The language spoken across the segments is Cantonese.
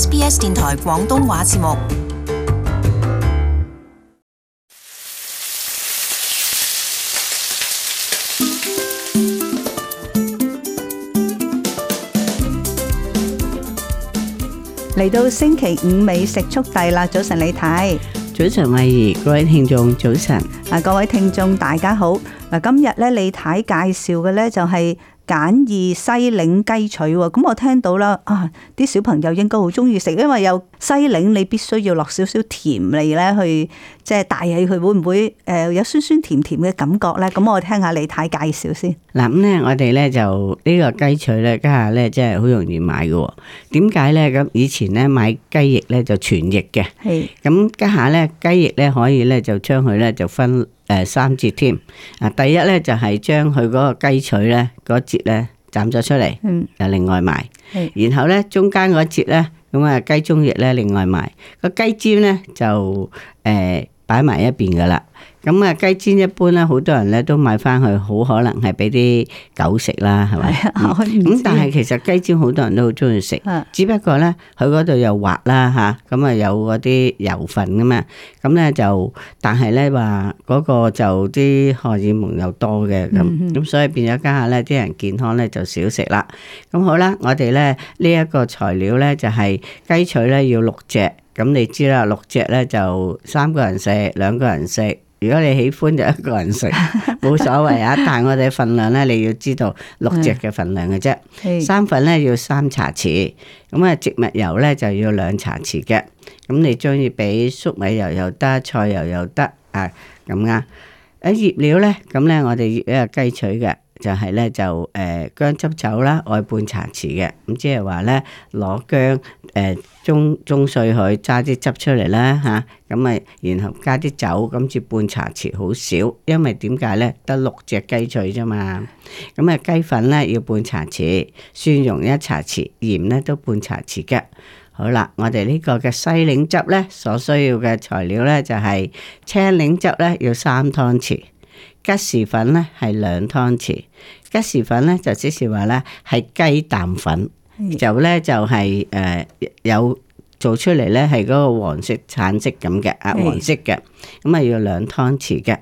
SBS 電台廣東話節目嚟到星期五美食速遞啦！早晨李太，早晨慧兒，各位聽眾早晨。嗱，各位聽眾大家好。嗱，今日咧李太介紹嘅咧就係。簡易西檸雞腿喎，咁我聽到啦，啊啲小朋友應該好中意食，因為有西檸，你必須要落少少甜味咧，去即係帶起佢，會唔會誒有酸酸甜甜嘅感覺咧？咁我聽下李太介紹先。嗱咁咧，我哋咧就呢個雞腿咧，家下咧即係好容易買嘅喎。點解咧？咁以前咧買雞翼咧就全翼嘅，係咁，家下咧雞翼咧可以咧就將佢咧就分。誒、呃，三節添，啊，第一咧就係將佢嗰個雞腿咧嗰節咧斬咗出嚟，嗯，就另外賣，嗯、然後咧中間嗰節咧，咁啊雞中翼咧另外賣，個雞尖咧就誒擺埋一邊㗎喇。咁啊、嗯，雞尖一般咧，好多人咧都買翻去，好可能係俾啲狗食啦，係咪？咁 不知、嗯嗯、但係其實雞尖好多人都好中意食， 的只不過咧佢嗰度又滑啦吓，咁啊、嗯、有嗰啲油份㗎嘛，咁咧就但係咧話嗰個就啲荷爾蒙又多嘅咁，咁、啊、 所以變咗家下咧啲人健康咧就少食啦。咁好啦，我哋咧呢一、呢個材料咧就係雞腿咧要六隻，咁你知啦，六隻咧就三個人食，兩個人食。如果你喜歡就一個人食冇所謂啊， 但係我哋份量咧你要知道六隻嘅份量嘅啫，生粉咧要三茶匙，咁啊植物油咧就要兩茶匙嘅，咁你中意俾粟米油又得，菜油又得啊咁啊。誒、啊、醃料咧，咁咧我哋醃一個雞腿嘅就係、是、咧就誒、呃、薑汁酒啦，外半茶匙嘅，咁即係話咧攞薑。誒中中碎佢揸啲汁出嚟啦嚇，咁啊，然後加啲酒，今次半茶匙好少，因為點解咧？得六隻雞嘴啫嘛，咁啊雞粉咧要半茶匙，蒜蓉一茶匙，鹽咧都半茶匙嘅。好啦，我哋呢個嘅西檸汁咧，所需要嘅材料咧就係青檸汁咧要三湯匙，吉士粉咧係兩湯匙，吉士粉咧就即是話咧係雞蛋粉。就咧就係誒有做出嚟咧係嗰個黃色橙色咁嘅，啊黃色嘅，咁啊要兩湯匙嘅。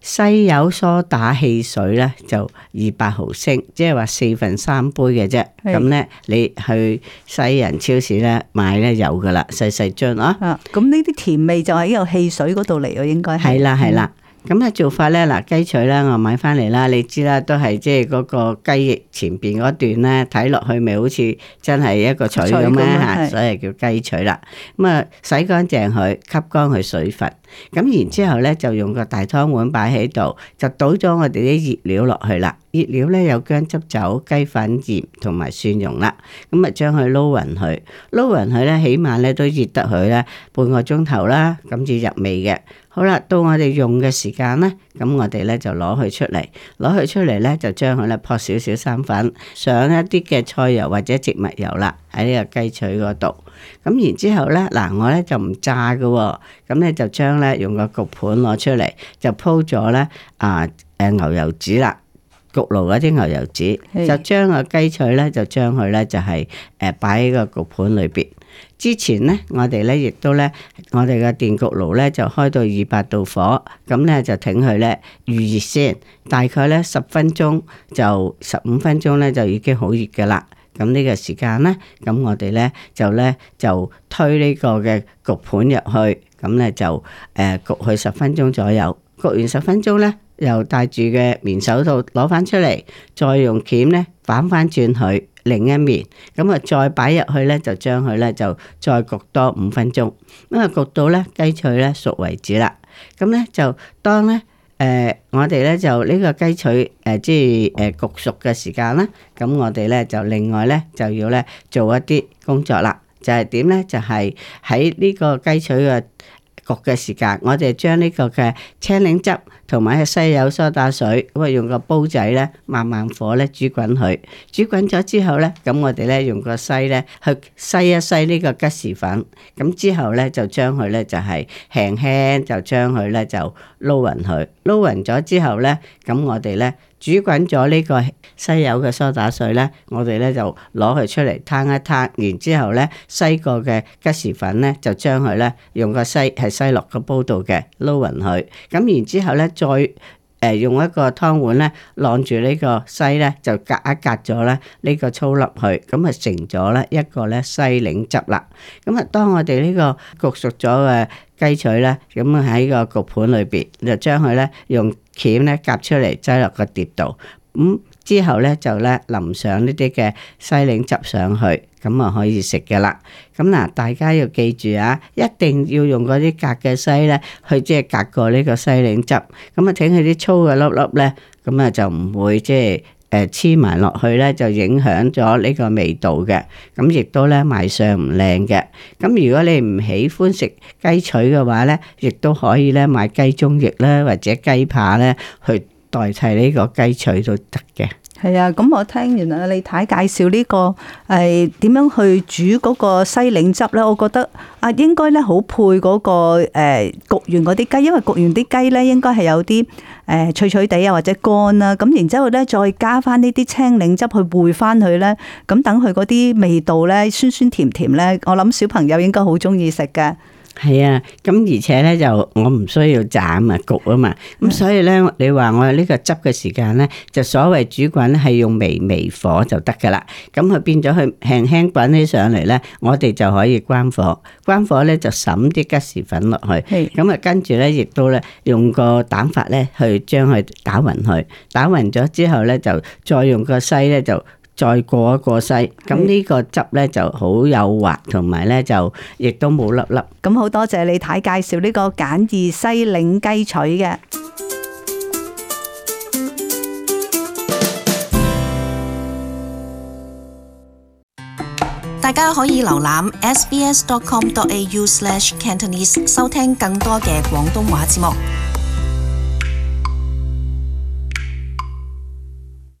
西柚梳打汽水咧就二百毫升，即係話四份三杯嘅啫。咁咧你去西人超市咧買咧有噶啦，細細樽啊，啊咁呢啲甜味就喺呢個汽水嗰度嚟啊，應該係啦，係啦。咁嘅做法咧，嗱，雞腿咧，我買翻嚟啦，你知啦，都係即係嗰個雞翼前邊嗰段咧，睇落去咪好似真係一個腿咁樣，是所以叫雞腿啦。咁啊，洗乾淨佢，吸乾佢水分。咁然之後咧就用個大湯碗擺喺度，就倒咗我哋啲熱料落去啦。熱料咧有薑汁酒、雞粉鹽同埋蒜蓉啦，咁啊將佢撈匀佢，撈匀佢咧，起碼咧都醃得佢咧半個鐘頭啦，咁至入味嘅。好啦，到我哋用嘅時間咧，咁我哋咧就攞佢出嚟，攞佢出嚟咧就將佢咧撲少少生粉，上一啲嘅菜油或者植物油啦，喺呢個雞腿嗰度。咁然之後咧，嗱我咧就唔炸嘅喎，咁咧就將咧用個焗盤攞出嚟，就鋪咗咧啊誒牛油紙啦。焗爐嗰啲牛油紙，就將個雞脆咧，就將佢咧就係誒擺喺個焗盤裏邊。之前咧，我哋咧亦都咧，我哋嘅電焗爐咧就開到二百度火，咁咧就挺佢咧預熱先，大概咧十分鐘就十五分鐘咧就已經好熱嘅啦。咁呢個時間咧，咁我哋咧就咧就推呢個嘅焗盤入去，咁咧就誒焗佢十分鐘左右，焗完十分鐘咧。又戴住嘅棉手套攞翻出嚟，再用鉗咧反翻轉佢另一面，咁啊再擺入去咧就將佢咧就再焗多五分鐘，咁啊焗到咧雞腿咧熟為止啦。咁咧就當咧誒我哋咧就呢個雞腿誒即係誒焗熟嘅時間啦，咁我哋咧就另外咧就要咧做一啲工作啦，就係點咧就係喺呢個雞腿嘅。焗嘅時間，我哋將呢個嘅青檸汁同埋西柚梳打水，咁啊用個煲仔咧，慢慢火咧煮滾佢。煮滾咗之後咧，咁我哋咧用個篩咧去篩一篩呢個吉士粉，咁之後咧就將佢咧就係輕輕就將佢咧就撈匀佢。撈匀咗之後咧，咁我哋咧。煮滾咗呢個西柚嘅梳打水呢，我哋呢就攞佢出嚟攤一攤，然之後呢，西過嘅吉士粉呢，就將佢呢用個西係西落個煲度嘅撈匀佢，咁然之後呢，再誒用一個湯碗呢攔住呢個西呢，就隔一隔咗呢呢個粗粒去，咁啊成咗呢一個呢西檸汁啦。咁啊，當我哋呢個焗熟咗嘅雞腿呢，咁喺個焗盤裏邊就將佢呢用。鉗咧夾出嚟，擠落個碟度，咁之後咧就咧淋上呢啲嘅西檸汁上去，咁啊可以食噶啦。咁嗱，大家要記住啊，一定要用嗰啲夾嘅西咧，去即係夾過呢個西檸汁，咁啊整佢啲粗嘅粒粒咧，咁啊就唔會即係。誒，黐埋落去咧就影響咗呢個味道嘅，咁亦都咧賣相唔靚嘅。咁如果你唔喜歡食雞腿嘅話咧，亦都可以咧買雞中翼啦，或者雞扒咧去代替呢個雞腿都得嘅。係啊，咁我聽完阿李太介紹呢、這個，誒、呃，點樣去煮嗰個西檸汁咧？我覺得啊、那個，應該咧好配嗰個誒焗完嗰啲雞，因為焗完啲雞咧，應該係有啲誒脆脆地啊，或者乾啦。咁然之後咧，再加翻呢啲青檸汁去燴翻佢咧，咁等佢嗰啲味道咧酸酸甜甜咧，我諗小朋友應該好中意食嘅。係啊，咁而且咧就我唔需要斬啊焗啊嘛，咁所以咧是你話我呢個汁嘅時間咧，就所謂煮滾係用微微火就得噶啦，咁佢變咗佢輕輕滾起上嚟咧，我哋就可以關火，關火咧就滲啲吉士粉落去，咁啊跟住咧亦都咧用個蛋法咧去將佢打勻去，打勻咗之後咧就再用個篩咧就。再過一過篩，咁呢個汁咧就好幼滑，同埋咧就亦都冇粒粒。咁好多謝李太介紹呢個簡易西檸雞槌嘅，大家可以瀏覽 sbs.com.au/cantonese 收聽更多嘅廣東話節目。